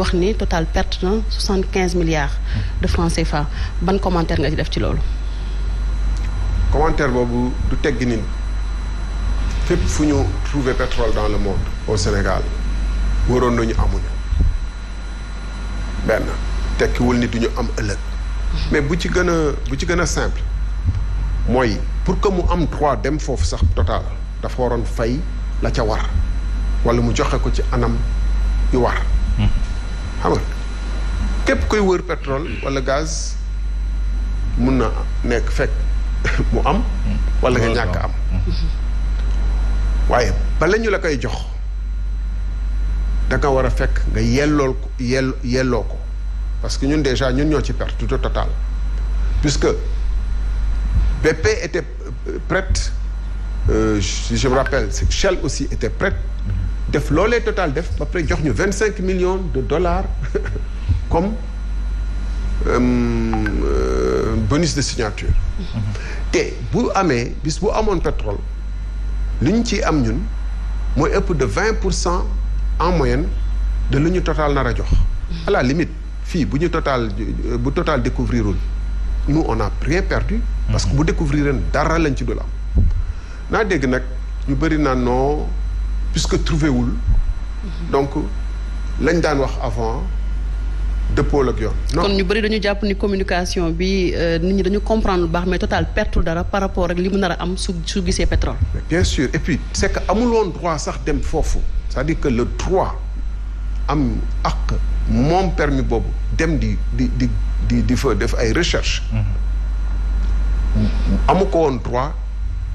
wax ni total perte na 75 milliards de francs CFA ban commentaire nga ci def ci lolu commentaire bobu du teggi nin fep fuñu trouver pétrole dans le monde au Sénégal waroon nañu amuñu tekki wul ni duñu am ëllëg. mais bu ci gëna bu ci gëna simple moy pour que mu am droit dem fofu sax total dafa waroon fay la ca war wala mu joxe ko ci anam yu war xam koy wër pétrole wala gaz mun na nekk fekk am wala nga am la koy jox da nga parce que ñun déjà ñun ñoo ci tout total puisque BP était prête euh, je me rappelle Shell aussi était prête def lolé total def ba jox ñu 25 millions de dollars comme euh, euh, bonus de signature mhm. Et bu amee bis bu amoon pétrole li ñu ciy am ñun de 20% en moyenne de l'Union Totale. total mhm. à la limite si bu ñu total total découvrir nous on a rien perdu parce que mhm. bu découvrir dara lañ ci dul am naa dégg nag ñu non puisque trouvé où donc l'un avant de ak quand ñu communication nous euh, nit comprendre total par rapport à ce qui pétrole. bien sûr et puis c'est que le droit sax dem c'est-à-dire que le droit am mon permis de dem di di di di recherche. Mm-hmm. droit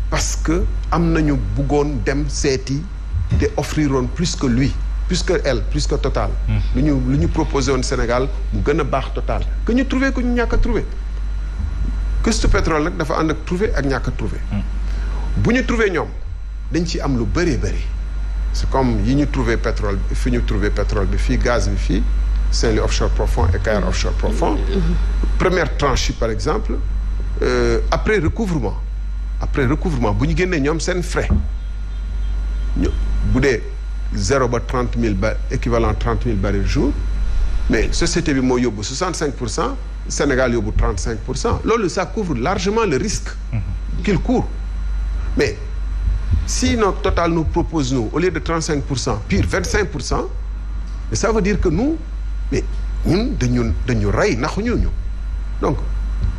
parce que nous avons... Ils offriront plus que lui plus que elle plus que Total. Nous mhm. nous lu ñu au Sénégal une gën totale. Total que nous trouvons, que nous ñàkk a trouvé. ce pétrole là nous que trouvé ak nous a trouvé. Mhm. bu ñu trouvé ñoom dañ ci am lu c'est comme yi nous trouvé pétrole il fi ñu trouver pétrole bi gaz bi c'est c'est offshore profond et Cayar offshore profond. Mhm. première tranche par exemple euh, après recouvrement après recouvrement bu ñu trouvé, un un frais vous 0 0,30 000 bar 30 équivalent barres 000 jour mais société bi moo 65%. Sénégal yóbbu 35%. lolu ça couvre largement le risque mhm. qu'il court mais si notre total nous propose nous au lieu de 35%, pire 25%, ça veut dire que nous mais ñun dañu dañu ray naxu ñu donc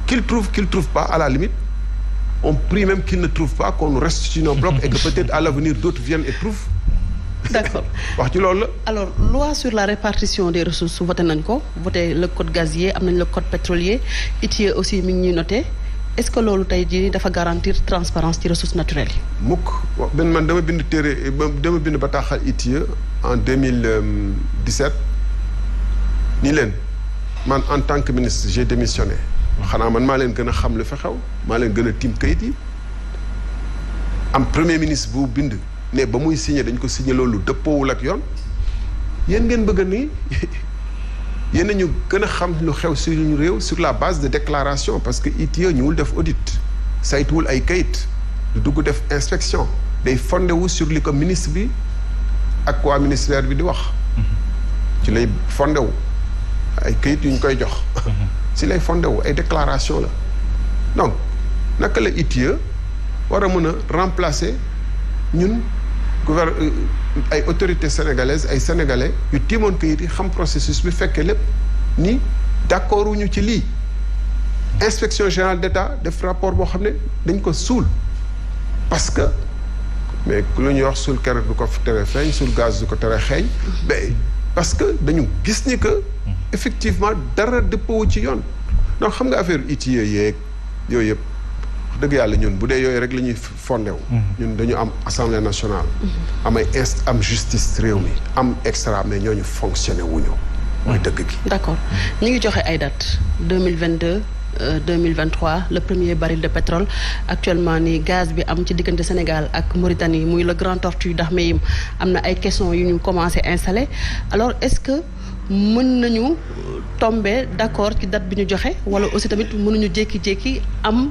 qu'il trouve qu'il trouve pas à la limite on prie même qu'il ne trouve pas qu'on restitue nos blocs et que peut-être à l'avenir d'autres viennent et trouvent d'accord wax ci loolu alors loi sur la répartition des ressources voté nañ ko voté le code gazier am nañ le code pétrolier ITIE aussi mi ngi ñuy noté est-ce que loolu tey jii dafa garantir transparence ci ressources naturelles yi. mukk wax man dama bind téré dama bind bataaxal ITIE en 2017 euh, ni leen man en tant que ministre j'ai démissionné xanaa man maa leen gën a xam lu fi xew maa leen gën a tiim kayit yi am premier ministre bu bind. ne ba muy signé dañ ko signé loolu dëppoowul ak yoon yéen ngeen bëgg ni yéen ñu gën a xam lu xew ñu réew sur la base de déclaration parce que ITIE ñëwul def audit saytuwul ay kayit du dugg def inspection day fondé wu sur li ko ministre bi ak waa ministère bi di wax. ci lay fondé wu ay kayit yu ñu koy jox. si lay fondé wu ay déclaration la donc naka la ITIE war a mën a remplacer ñun. gouver euh, ay autorités sénégalaises ay sénégalais yu tiimoon kayit yi xam processus bi fekkee lépp ni d'accord wuñu ci li inspection générale d'État def rapport bo xam dañ ko soul parce que mais lu ñuy wax suul kere du ko tere feeñ suul gaz du ko tere xeeñ parce que dañu gis ni que effectivement dara dëppoo ci yoon donc xam nga affaire itiyé e yeeg yooyu deug yalla ñun bu dé yoy rek lañuy ñuy fondé wu. Mhm. ñun dañu am assemblée nationale. Mhm. am ay inst am justice réew mi am extra mais ñoñu fonctionné wuñu moy dëgg gi. d'accord accord ñu ngi joxe ay date 2022 2023, le premier baril de pétrole actuellement ni gaz bi am ci diggante Sénégal ak Mauritanie muy le Grand Tortue d'Ahmeyim am na ay questions yu ñu commencé installer. alors est ce que. mën nañu tomber d'accord ci date bi ñu joxe walla aussi tamit mënuñu jékki-jékki am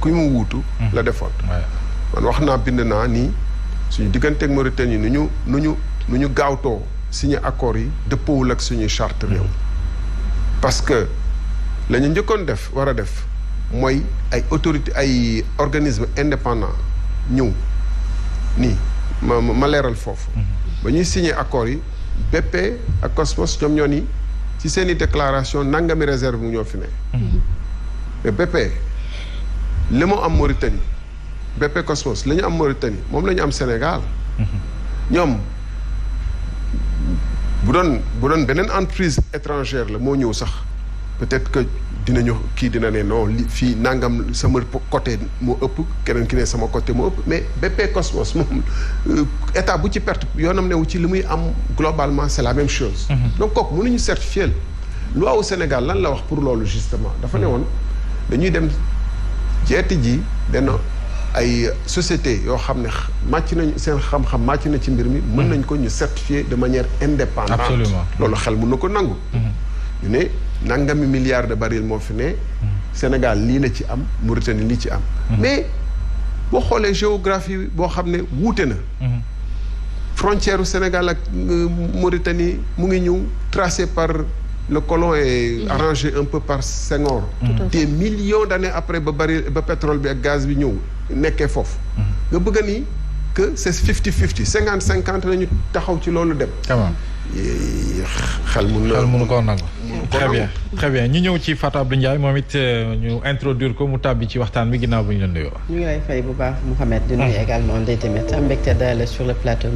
ku mu wuutu mhm. la defoon man wax naa bind naa nii suñu digganteeg Mauritanie nu ñu nu ñu nu ñu gaawtoo signé accords yi dëppoowul ak suñuy charte réew mhm. parce que la njëkkoon def war a def mooy ay autorité ay organisme indépendant ñëw nii ma ma leeral foofu mhm. ba ñuy signé accords yi BP ak Cosmos ñoom ñoo ni ci seen i déclaration nangami réserve mu ñoo fi ne mais Le mu am Mauritanie BP Cosmos li ñu am Mauritanie mon la ñu Sénégal. nous bu doon bu entreprise étrangère le moo ñëw peut-être que dinañu qui dina né non li fii nangam sama côté mo ëpp keneen ki né sama côté mon ëpp mais BP Cosmos mom euh, état bu ci perte né wu ci limuy am globalement c'est la même chose. Mhm. donc kooku ñu certifier loi au Sénégal lan la wax pour loolu justement dafa ne woon dañuy dem. jeeti ji benn ay société yoo xam ne màcc nañ seen xam-xam màcc na ci mbir mi mën nañ ko ñu certifier de manière indépendante absolument loolu xel mu na ko nangu mm-hmm. ñu ne nangami milliards de baril moo fi ne mm-hmm. Sénégal lii na ci am Mauritanie lii ci am mm-hmm. mais boo xoolee géographie boo xam ne wuute na frontière u Sénégal ak euh, Mauritanie mu ngi ñëw tracé par le colon est mhm. arrangé un peu par Senghor. des millions d'années après le, pétrole et le gaz bi ñëw nekkee foofu. Mhm. nga bëgg que c'est 50-50. 50 50 cinquante taxaw ci très bien très bien Nous euh, introduire comme mu Nous ci bu ñu Nous mhm. également sur le plateau.